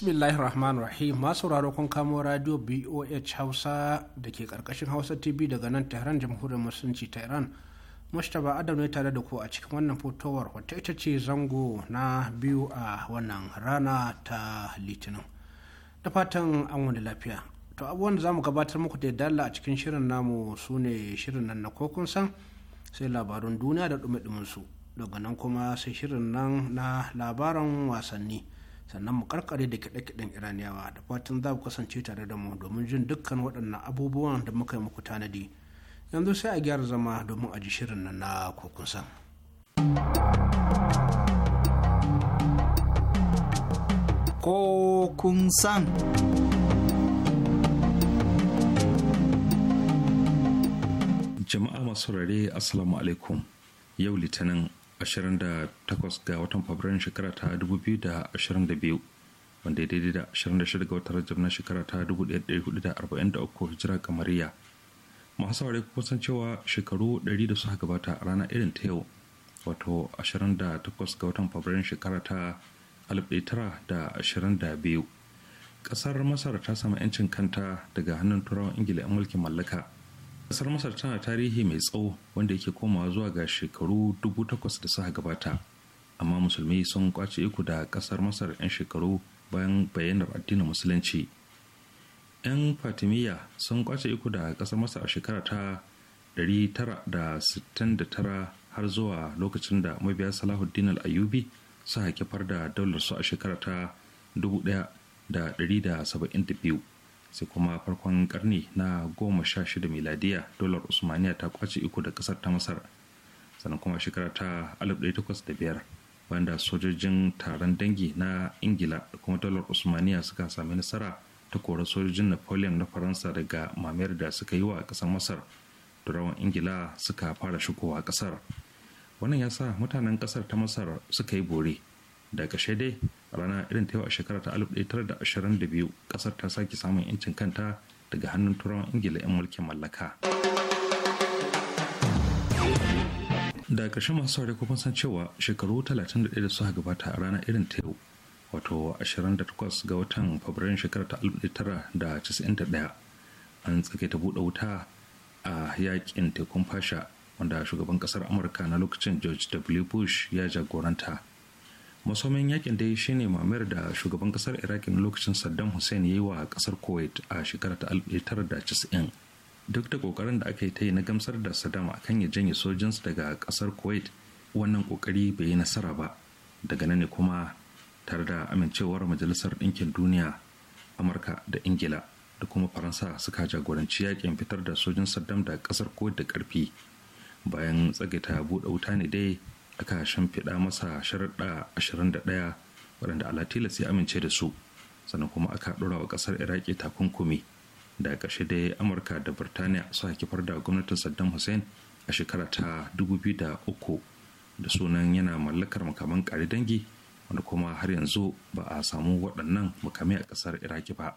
bismillahirrahmanirrahim masu sauraro kun kamo radio boh hausa da ke karkashin hausa tv daga nan tehran jamhuriyar musulunci ta iran mustapha adam ne tare da ku a cikin wannan fotowar wata ita ce zango na biyu a wannan rana ta litinin da fatan an wani lafiya to abubuwan da zamu gabatar muku da dala a cikin shirin namu su ne shirin nan na kokun san sai labarun duniya da dumi su daga nan kuma sai shirin nan na labaran wasanni sannan mu karkare da kiɗe-kiɗen iraniyawa da fatan za ku kasance tare da mu domin jin dukkan waɗannan abubuwan da muka yi muku tanadi yanzu sai a gyara zama domin a ji shirin nan na kokunsa. Ko Jama'a masu rare Assalamu alaikum yau litinin 28 ga watan fabrairun shekara ta 2022 wanda daidai da 26 ga watan rajab na shekara ta 1443 hijira kamariya masu saurari kuma san cewa shekaru 100 da suka gabata a ranar irin ta yau wato 28 ga watan fabrairun shekara ta 1922 kasar masar ta samu 'yancin kanta daga hannun turawan ingila 'yan mulkin mallaka kasar masar tana tarihi mai tsawo wanda yake komawa zuwa ga shekaru dubu takwas da suka gabata amma musulmi sun kwace iko da kasar masar 'yan shekaru bayan bayyanar addinin musulunci 'yan fatimiyya sun kwace iko da kasar masar a shekara ta 969 har zuwa lokacin da mabiya salahuddin al-ayubi su haƙifar da daular su a shekara ta 1172 sai kuma farkon karni na goma sha shida miladiya dolar usmaniya ta kwace iko da kasar ta masar sannan kuma shekara ta alif biyar wanda sojojin taron dangi na ingila da kuma dolar usmaniya suka sami nasara ta kora sojojin napoleon na faransa daga mamayar da suka yi wa kasar masar da rawan ingila suka fara shigowa kasar wannan ya sa mutanen kasar ta masar suka yi bore da kashe dai a rana irin ta yau a shekara ta 1922 kasar ta sake samun 'yancin kanta daga hannun turawan ingila 'yan mulkin mallaka da ƙarshen masu saurari kuma san cewa shekaru 31 da suka gabata a rana irin ta yau wato 28 ga watan fabrairun shekara ta 1991 an ta buɗe wuta a yakin tekun fasha wanda shugaban kasar amurka na lokacin george w bush ya jagoranta masomin yakin dai shine mamayar da shugaban kasar iraki na lokacin saddam hussein ya yi wa kasar kuwait a shekarar ta da casa'in duk da kokarin da aka yi ta yi na gamsar da saddam akan ya janye sojinsu daga kasar kuwait wannan kokari bai yi nasara ba daga nan ne kuma tare da amincewar majalisar ɗinkin duniya amurka da ingila da kuma faransa suka jagoranci yakin fitar da sojin saddam da kasar kuwait da karfi bayan tsagaita buɗe wuta ne dai aka fiɗa masa sharaɗa 21 waɗanda alatila ya amince da su sannan kuma aka ɗora wa ƙasar iraki takunkumi da ƙarshe dai amurka da birtaniya su kifar da gwamnatin saddam hussein a shekara ta 2003 da sunan yana mallakar makaman ƙari dangi wanda kuma har yanzu ba a samu waɗannan makamai a ƙasar iraki ba.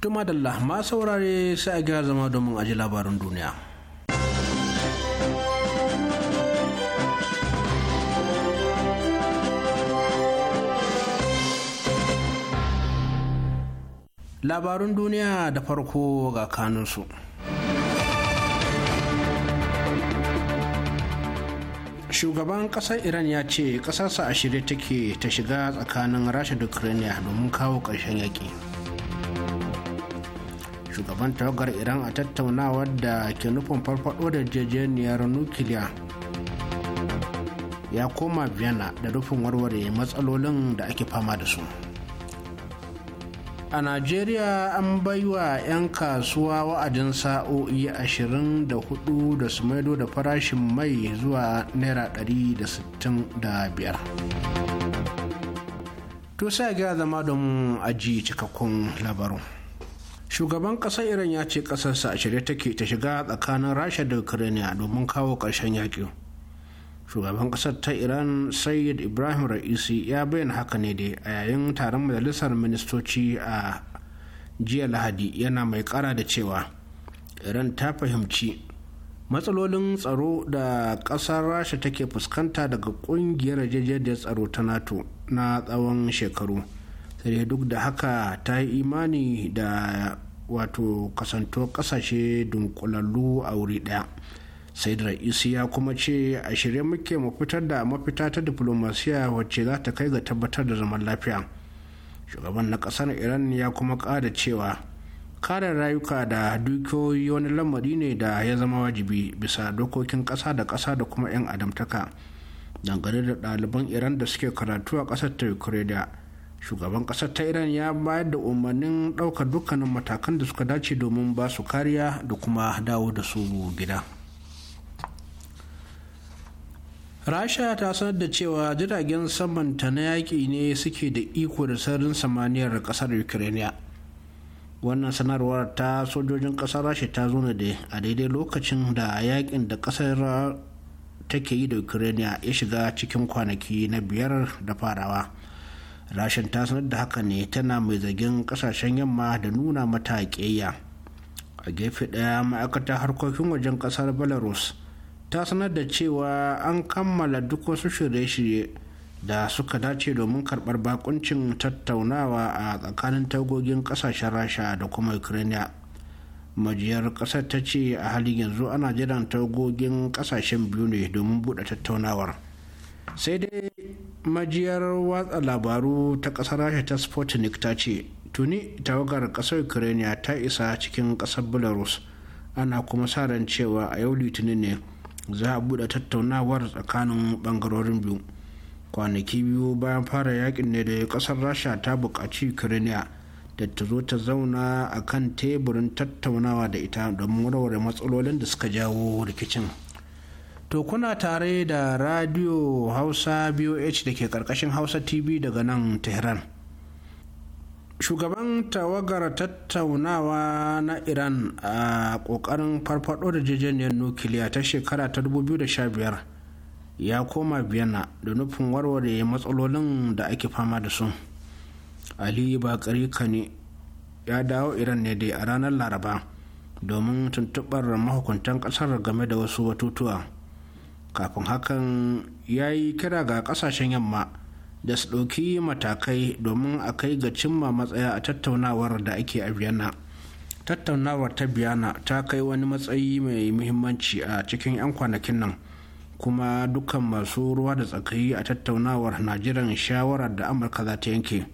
Tuma da ma saurare sai a gyara zama domin aji labarin duniya. Labarun duniya da farko ga kanunsu. shugaban ƙasar iran ya ce ƙasarsa a shirye take ta shiga tsakanin rasha da ukraine domin kawo ƙarshen yaƙi shugaban tawagar iran a tattaunawar da ke nufin farfado da jejeniyar nukiliya ya koma vienna da rufin warware matsalolin da ake fama da su a najeriya an baiwa 'yan kasuwa wa'adin sa'o'i 24 da su maido da farashin mai zuwa naira 165 to sai gaya zama don aji cikakkun labarin shugaban ƙasar iran ya ce ƙasarsa a shirye take ta shiga tsakanin rasha da ukraine domin kawo ƙarshen yaƙi shugaban ƙasar ta iran sayyid ibrahim ra'isi ya bayyana haka ne dai a yayin taron majalisar ministoci a jiya lahadi yana mai ƙara da cewa iran ta fahimci matsalolin tsaro da ƙasar rasha take fuskanta daga ƙungiyar yarjejeniyar tsaro ta nato na tsawon shekaru sai duk da haka ta yi imani da wato kasanto kasashe dunkulallu a wuri ɗaya sai da ra'isi ya kuma ce a shirye muke mu fitar da mafita ta diplomasiya wacce za ta kai ga tabbatar da zaman lafiya shugaban na ƙasar iran ya kuma ƙara cewa kare rayuka da dukiyoyi wani lamari ne da ya zama wajibi bisa dokokin ƙasa da ƙasa da kuma 'yan adamtaka dangane da ɗaliban iran da suke karatu a ƙasar ta ukraine shugaban ƙasar ta iran ya bayar da umarnin ɗaukar dukkanin matakan da suka dace domin ba su kariya da kuma dawo da su gida rasha ta sanar da cewa jiragen samanta na yaƙi ne suke da iko da sararin samaniyar ƙasar ukraine wannan sanarwar ta sojojin kasar rasha ta zo ne a daidai lokacin da yakin da kasar take yi da ukraine ya shiga cikin kwanaki na biyar da farawa rashin ta sanar da haka ne tana mai zargin kasashen yamma da nuna mata ƙeya a gefe ɗaya ma'aikatar harkokin wajen ƙasar belarus ta sanar da cewa an kammala duk wasu shirye-shirye da suka dace domin karɓar bakuncin tattaunawa a tsakanin tagogin ƙasashen rasha da kuma ukraine majiyar ƙasar ta ce a halin yanzu ana jiran tagogin ƙasashen biyu ne domin buɗe tattaunawar sai dai majiyar watsa labaru ta kasar rasha ta sputnik ta ce tuni tawagar kasar ukraine ta isa cikin kasar belarus ana kuma sa ran cewa a yau litinin ne za a bude tattaunawar tsakanin bangarorin biyu kwanaki biyu bayan fara yakin ne da kasar rasha ta buƙaci ukraine da ta zo ta zauna a kan teburin tattaunawa da ita don warware matsalolin da suka jawo rikicin. To kuna tare da Radio Hausa BOH da ke ƙarƙashin Hausa TV daga nan Tehran. Shugaban tawagar tattaunawa na Iran a ƙoƙarin farfaɗo da jejeniyar nukiliya ta shekara ta 2015 ya koma Vienna da nufin warware matsalolin da ake fama da su. Ali Bakari ne. ya dawo Iran ne dai a ranar Laraba domin tuntuɓar mahukuntan ƙasar game da wasu batutuwa. kafin hakan ya yi kira ga kasashen yamma da su ɗauki matakai domin a kai ga cimma matsaya a tattaunawar da ake a vienna tattaunawar ta biyana ta kai wani matsayi mai muhimmanci a cikin 'yan kwanakin nan kuma dukkan masu ruwa da tsakayi a tattaunawar na jiran shawarar da amurka za ta yanke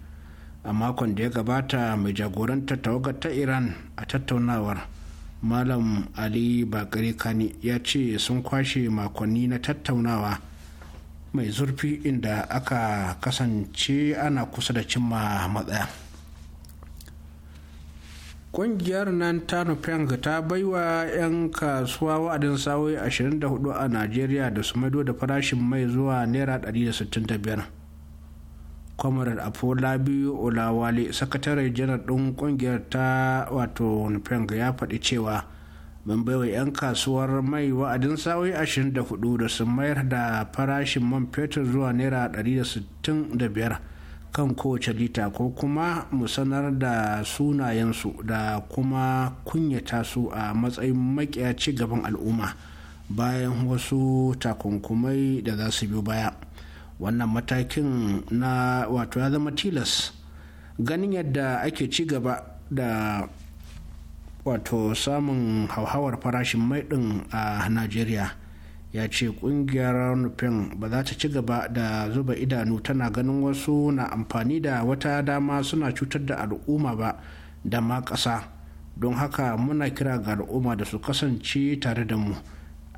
a makon da ya gabata mai jagorantar tawagar ta iran a tattaunawar malam ali bakare kani ya ce sun kwashe makonni na tattaunawa mai zurfi inda aka kasance ana kusa da cimma matsaya ƙungiyar nan ta nufin ta baiwa 'yan kasuwa wa'adin sa'o'i 24 a najeriya da su maido da farashin mai zuwa naira 165 kwamarar biyu olawale sakataren janar ɗin ƙungiyar ta wato nupeng ya faɗi cewa ban baiwa 'yan kasuwar mai wa'adin sa'o'i 24 da sun mayar da farashin man fetur zuwa naira 165 kan kowace lita ko kuma mu sanar da sunayensu da kuma kunyata su a matsayin makiya ci gaban al'umma bayan wasu takunkumai da za su biyo baya. wannan matakin na wato ya zama tilas ganin yadda ake ci gaba da wato samun hauhawar farashin mai ɗin a najeriya ya ce kungiyar nufin ba za ta ci gaba da zuba idanu tana ganin wasu na amfani da wata dama suna cutar da al'umma ba da ma ƙasa don haka muna kira ga al'umma da su kasance tare da mu.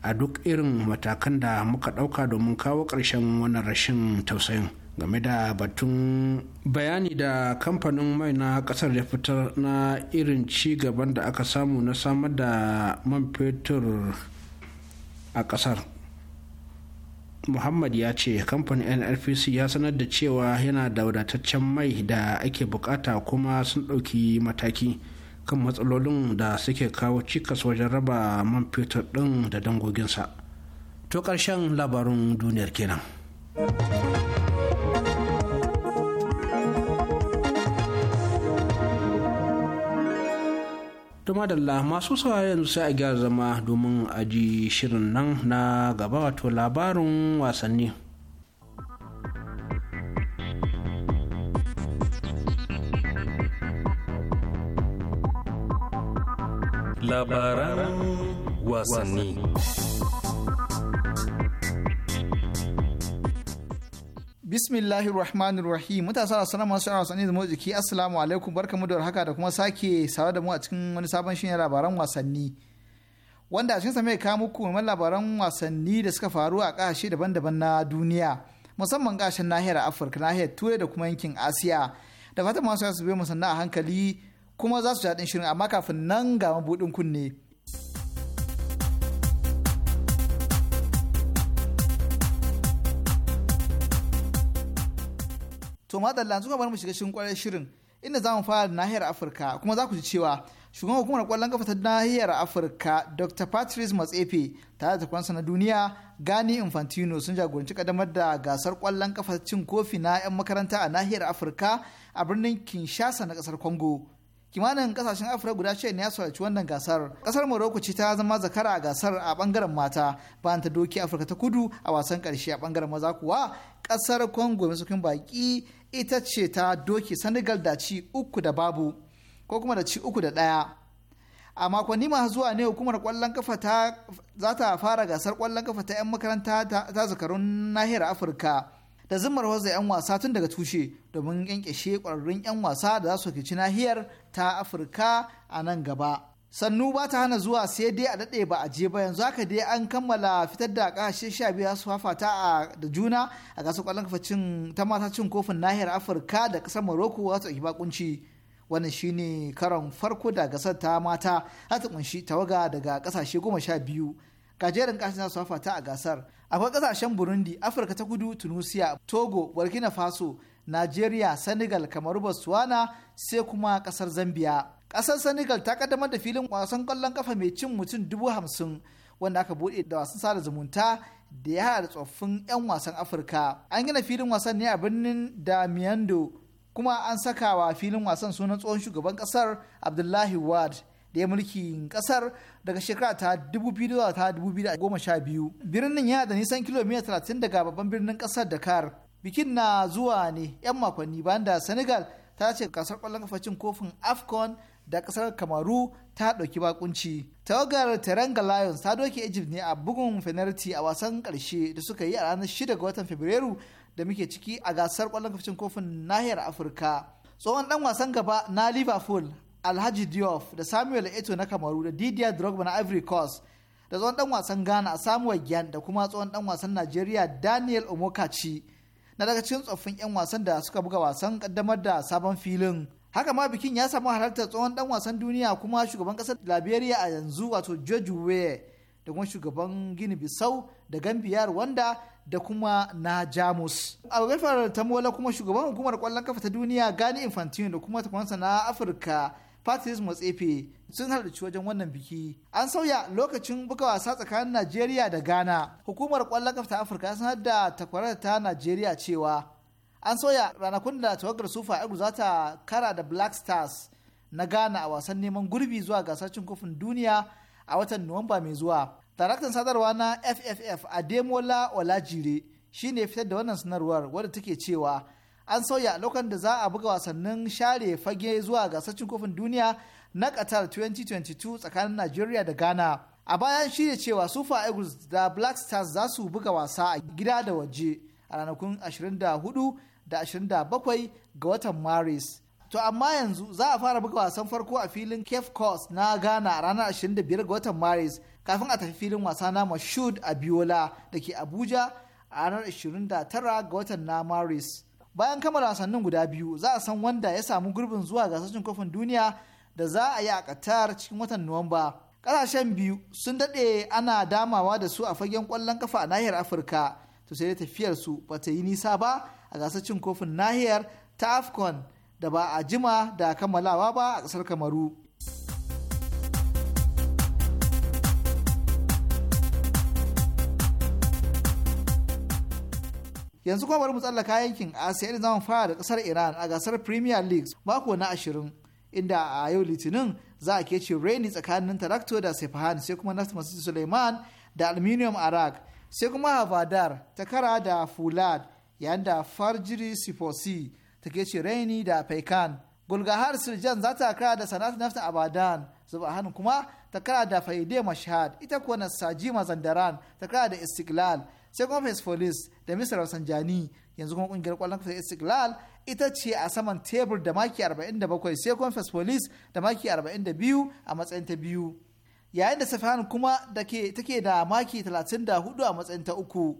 a duk irin matakan da muka ɗauka domin kawo ƙarshen wannan rashin tausayin game da batun bayani da kamfanin mai na kasar ya fitar na irin ci gaban da aka samu na samar da man fetur a kasar muhammad ya ce kamfanin nrpc ya sanar da cewa yana da wadataccen mai da ake bukata kuma sun ɗauki mataki kan matsalolin da suke kawo cikas wajen raba man fetur ɗin da dangoginsa to ƙarshen labarin duniyar kenan madalla masu yanzu sai a gyara zama domin aji shirin nan na gaba wato labarin wasanni labaran wasanni Bismillahirrahmanirrahim. Mutasa rahim da sanar masu wasanni da motsa jiki assalamu alaikum barkamu da haka da kuma sake sawa da mu a cikin wani sabon shirin labaran wasanni wanda a cikin mai kawo muku mai labaran wasanni da suka faru a kasashe daban-daban na duniya musamman kasashen nahiyar afirka nahiyar turai da kuma yankin asiya da fatan masu yasu bai musanna a hankali kuma za su daɗin shirin amma kafin nan ga mabuɗin kunne. To madalla yanzu bar mu shiga cikin kwarar shirin inda za mu fara da nahiyar Afirka kuma za ku ji cewa shugaban hukumar kwallon kafa ta nahiyar Afirka Dr. Patrice Matsepe tare da kwansa na duniya Gani Infantino sun jagoranci kadamar da gasar kwallon kafa cin kofi na 'yan makaranta a nahiyar Afirka a birnin Kinshasa na kasar Congo. kimanin kasashen afirka guda shida ne ya sauci wannan gasar kasar morocco ce ta zama zakara a gasar a bangaren mata bayan ta doki afirka ta kudu a wasan karshe a bangaren maza kuwa kasar congo mai baki ita ce ta doki senegal da ci uku da babu ko kuma da ci uku da ɗaya a makonni masu zuwa ne hukumar kwallon kafa ta za ta fara gasar kwallon kafa ta 'yan makaranta ta zakarun nahiyar afirka da zimmar wasu 'yan wasa tun daga tushe domin yankashe kwararrun 'yan wasa da za su kici nahiyar ta afirka a nan gaba sannu ba ta hana zuwa sai dai a daɗe ba a je ba yanzu haka dai an kammala fitar da ƙasashe sha biyu su fafata da juna a gasar kwallon kafacin ta mata cin kofin nahiyar afirka da ƙasar morocco wasu ɗauki bakunci wannan shine karon farko da gasar ta mata har ta kunshi tawaga daga kasashe goma sha biyu gajerin za su fafata a gasar akwai kasashen burundi afirka ta kudu tunusiya togo burkina faso Najeriya, Senegal, Kamaru, Botswana sai kuma kasar Zambia. Kasar Senegal ta kaddamar da filin wasan kwallon kafa mai cin mutum dubu hamsin wanda aka buɗe da wasan sada zumunta da ya haɗa tsoffin 'yan wasan Afirka. An gina filin wasan ne a birnin Damiando kuma an saka wa filin wasan sunan tsohon shugaban kasar Abdullahi Ward, da ya mulkin kasar daga shekara ta 2012 birnin yana da nisan kilomita 30 daga babban birnin kasar dakar bikin na zuwa ne 'yan makonni bayan da senegal ta ce kasar kwallon kafacin kofin afcon da kasar kamaru ta ɗauki bakunci tawagar teranga lions ta doke egypt ne a bugun fenalti a wasan karshe da suka yi a ranar 6 ga watan fabrairu da muke ciki a gasar kwallon kafacin kofin nahiyar afirka tsohon dan wasan gaba na liverpool alhaji diop da samuel eto na kamaru da didier drogba na ivory coast da tsohon dan wasan ghana samuel gyan da kuma tsohon dan wasan nigeria daniel omokachi na daga cikin tsoffin 'yan wasan da suka buga wasan kaddamar da sabon filin haka ma bikin ya samu halartar tsohon dan wasan duniya kuma shugaban kasar liberia a yanzu wato george weah da kuma shugaban gini bisau da gambiyar wanda da kuma na jamus a gafar tamola kuma shugaban hukumar kwallon kafa ta duniya gani infantino da kuma takwansa na afirka Patrice Motsefe sun halarci wajen wannan biki. An sauya lokacin buga wasa tsakanin Najeriya da Ghana. Hukumar kwallon kafa ta Afirka sanar da takwarar ta Najeriya cewa an sauya ranakun da tawagar Sufa Eagles za ta kara da Black Stars na Ghana a wasan neman gurbi zuwa gasar cin kofin duniya a watan Nuwamba mai zuwa. Daraktan sadarwa na FFF Ademola Olajire shi ne fitar da wannan sanarwar wadda take cewa an sauya lokacin da za a buga wasannin share fage zuwa gasashen kofin duniya na Qatar 2022 tsakanin Najeriya da Ghana. A bayan shirya cewa Super Eagles da Black Stars za su buga wasa a gida da waje a ranakun 24 da 27 ga watan Maris. To amma yanzu za a fara buga wasan farko a filin Cape Coast na Ghana a ranar 25 ga watan Maris kafin a tafi filin wasa na Mashud Abiola da ke Abuja a ranar 29 ga watan na Maris. bayan kamar wasannin guda biyu za a san wanda ya samu gurbin zuwa gasar kofin duniya da za a yi a Qatar cikin watan Nuwamba. kasashen biyu sun dade ana damawa da su a fagen kwallon kafa a nahiyar Afirka, to sai tafiyar su ba ta yi nisa ba a gasar kofin nahiyar ta AFCON da ba a jima da kammalawa ba a kasar Kamaru. yanzu kuma bari mu tsallaka yankin asiya da zaman fara da kasar iran a gasar premier league mako na ashirin inda a yau litinin za a kece reni tsakanin tarakto da sefahan sai kuma nasta masu suleiman da aluminium arak sai kuma havadar ta kara da fulad yayin da farjiri sifosi ta kece reni da faikan gulgahar sirjan za ta kara da sanat nafta abadan zubahan kuma ta kara da faide mashhad ita kuwa nasaji mazandaran kara da istiklal sai kuma Police da Mr. sanjani yanzu kuma kungiyar kwallon kafa Istiklal ita ce a saman tebur da maki 47 sai kuma Police da maki 42 a matsayin ta biyu. Yayin da Safihan kuma take da maki 34 a matsayin ta uku.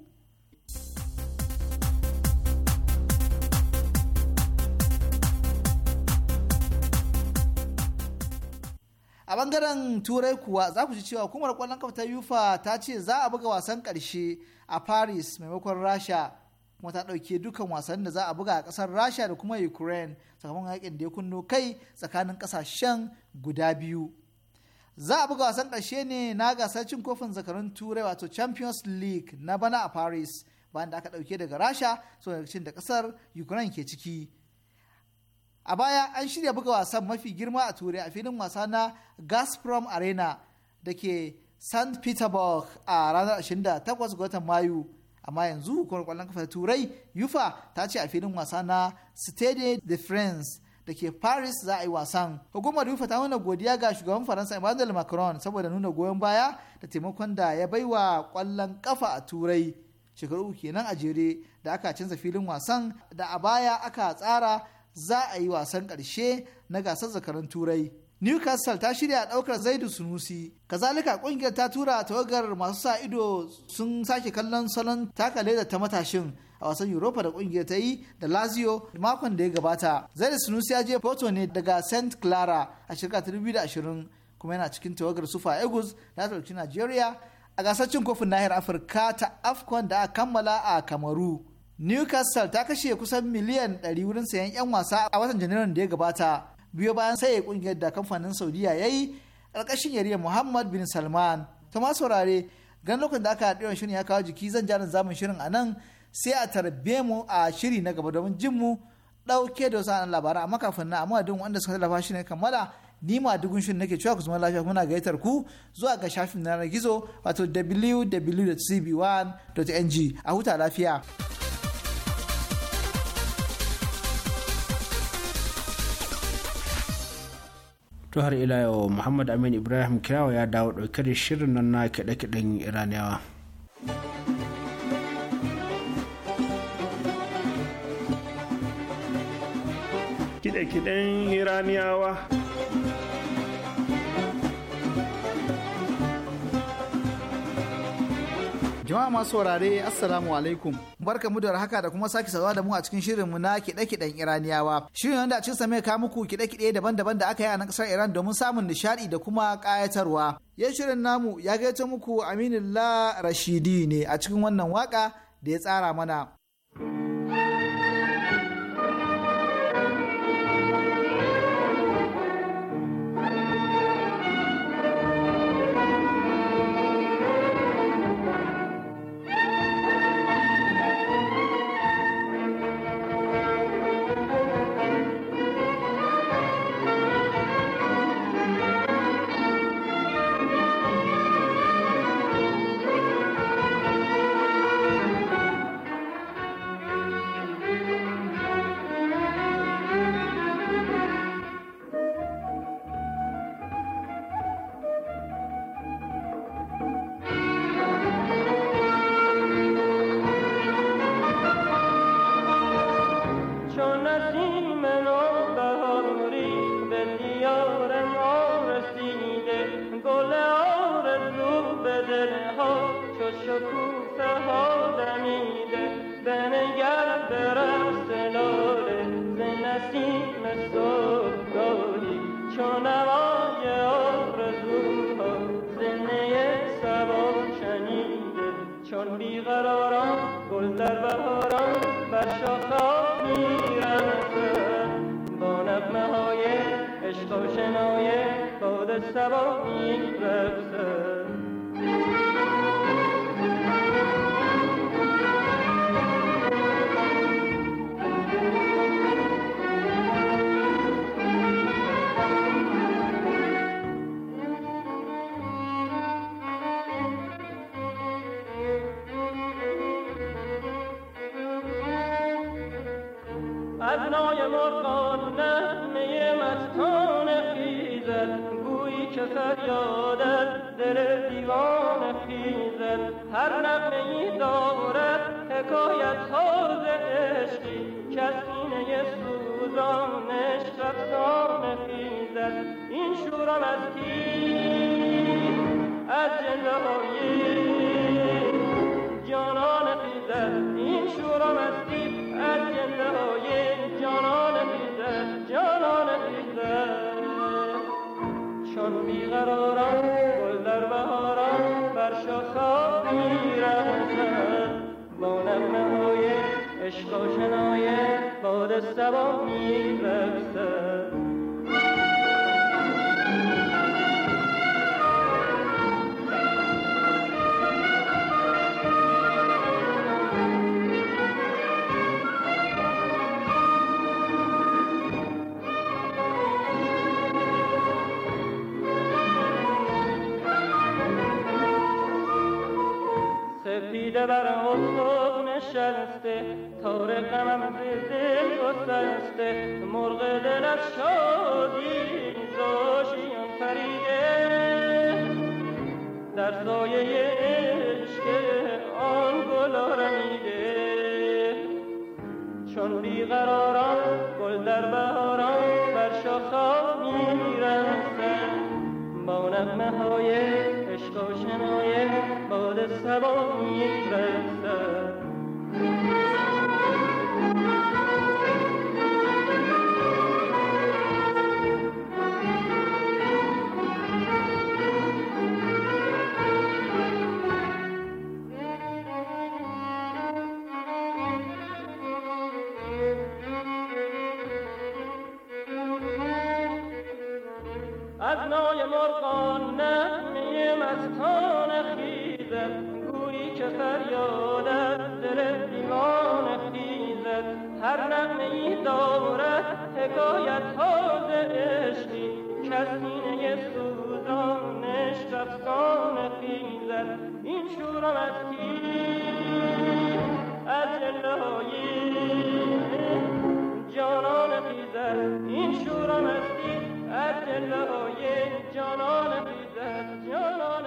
a bangaren turai kuwa za ku ji cewa hukumar kwallon kafa ta yufa ta ce za a buga wasan karshe a paris maimakon rasha kuma ta ɗauke dukan wasan da za a buga a ƙasar rasha da kuma ukraine sakamakon yakin da ya kunno kai tsakanin ƙasashen guda biyu za a buga wasan ƙarshe ne na gasar cin kofin zakarun turai wato champions league na bana a paris bayan da aka ɗauke daga rasha saboda da ƙasar ukraine ke ciki a baya an shirya buga wasan mafi girma a turai a filin wasa na gasprom arena da ke st peterburg a ranar 28 ga watan mayu amma yanzu hukumar kwallon kafa turai yufa ta ce a filin wasa na stade de france da ke paris za a yi wasan hukumar yufa ta nuna godiya ga shugaban faransa emmanuel macron saboda nuna goyon baya da taimakon da ya baiwa kwallon kafa a turai shekaru kenan a jere da aka canza filin wasan da a baya aka tsara za a yi wasan karshe na gasar zakaran turai newcastle ta shirya ɗaukar zaidu sunusi kazalika ƙungiyar ta tura tawagar masu sa ido sun sake kallon salon takale da ta matashin a wasan europa da ƙungiyar ta yi da lazio makon da ya gabata zaidu sunusi ya je foto ne daga st clara a shekarar 2020 kuma yana cikin tawagar sufa eagles da ta nigeria a gasar cin kofin nahiyar afirka ta afcon da a kammala a kamaru newcastle ta kashe kusan miliyan 100 wurin sayan 'yan wasa a watan janairun da ya gabata biyo bayan sai kungiyar da kamfanin saudiya ya yi ƙarƙashin yariyar muhammad bin salman ta ma saurare gan lokacin da aka haɗe shirin ya kawo jiki zan jarin zamun shirin a nan sai a tarbe mu a shiri na gaba domin jin mu ɗauke da wasu labaran amma kafin na amma duk wanda suka tallafa shi ne kammala ni ma dugun shirin nake cewa ku zama lafiya muna gayyatar ku zuwa ga shafin na gizo wato www.cb1.ng a huta lafiya. to har ila yau muhammad amin ibrahim kirawa ya dawo ɗauke da shirin nan na kiɗe-kiɗen iraniyawa kiɗe-kiɗen iraniyawa Jama'a masu saurare Assalamu alaikum. Barka mu da haka da kuma sake sauwa da mu a cikin shirin mu na kiɗe-kiɗen Iraniyawa. Shirin wanda a cikin sa ka muku kiɗe-kiɗe daban-daban da aka yi a nan ƙasar Iran domin samun nishaɗi da kuma ƙayatarwa. Ya shirin namu ya gaita muku Aminullah Rashidi ne a cikin wannan waka da ya tsara mana. ها چو شکوفه ها دمیده بنگر به رقص لاله ز نسیم صبحگاهی چو نوای آرزوها زنه سبا شنیده چون بیقراران گل در بهاران بر شاخهها میرمزد با نغمه های عشق و شنایه باد سبا میرقصد که یادت دل دیوان خیزد هر نقمه ای دارد حکایت ساز عشقی که از سینه سوزانش خیزد این شورم از کی از جنده جانان خیزد این شورم از کی از جنده گل بیقرارم گل در بهارم بر شاخا میرخزد با نغمه های عشق و شنایه باد سبا میرخزد بر افق نشسته تار غمم ز دل گسسته مرغ دل از شادی زاشیان پریده در سایه عشق آن گل رمیده چون بیقراران گل در بهاران بر شاخه میرفتن با نغمه های عشق savons impresa حکایت ها عشقی کسینه سوزانش رفتان خیزد این شورم از از جانان خیزد این شورم از از جانان خیزد جانان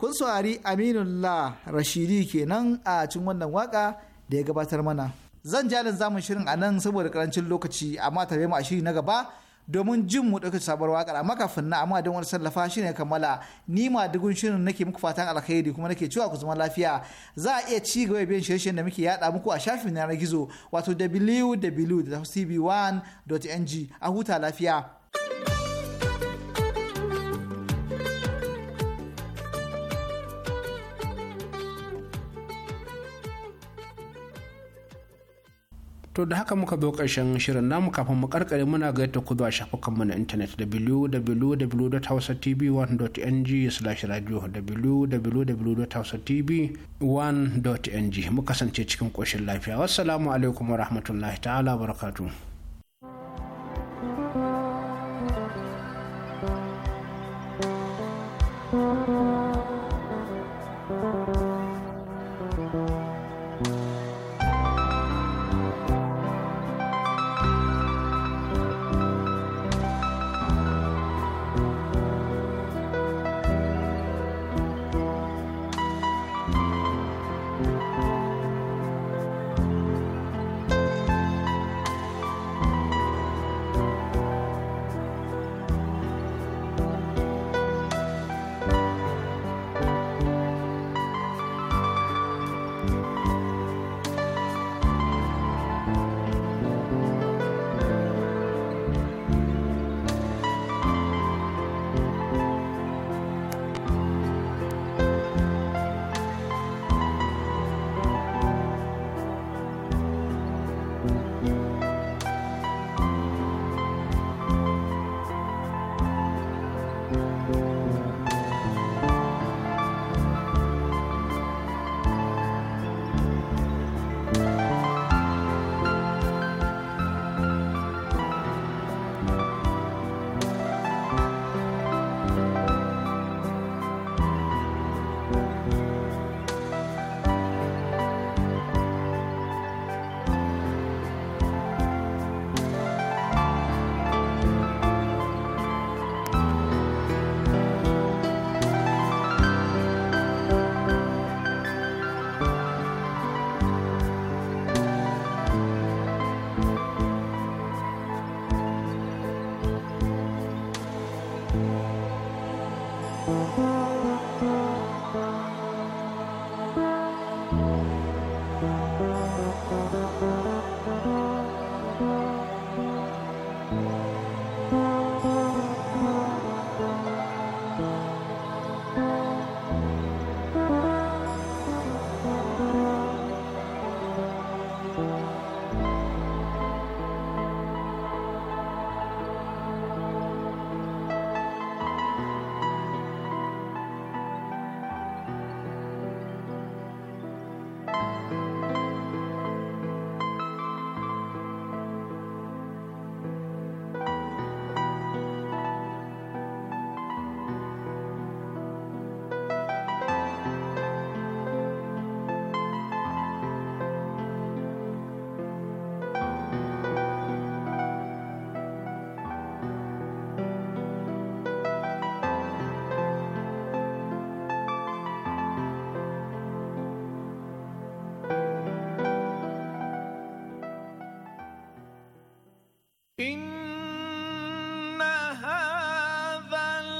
Kun saurari Aminullah Rashidi kenan a cikin wannan waka da ya gabatar mana zan jalin zamun shirin a nan saboda karancin lokaci amma tare mu a shiri na gaba domin jin mu ɗauki sabuwar waƙar amma kafin na amma don wani sallafa shi ne kammala ni ma dugun shirin nake muku fatan alkhairi kuma nake cewa ku zama lafiya za a iya ci gaba biyan shirye da muke yada muku a shafin yanar gizo wato www.tv1.ng a huta lafiya. to da haka muka zo ƙarshen shirin namu kafin mu karkare muna ga yadda ku zuwa mu na intanet www.hausatv1.ng slash radio www.hausatv1.ng mu kasance cikin ƙoshin lafiya wassalamu alaikum wa rahmatullahi ta'ala barakatu.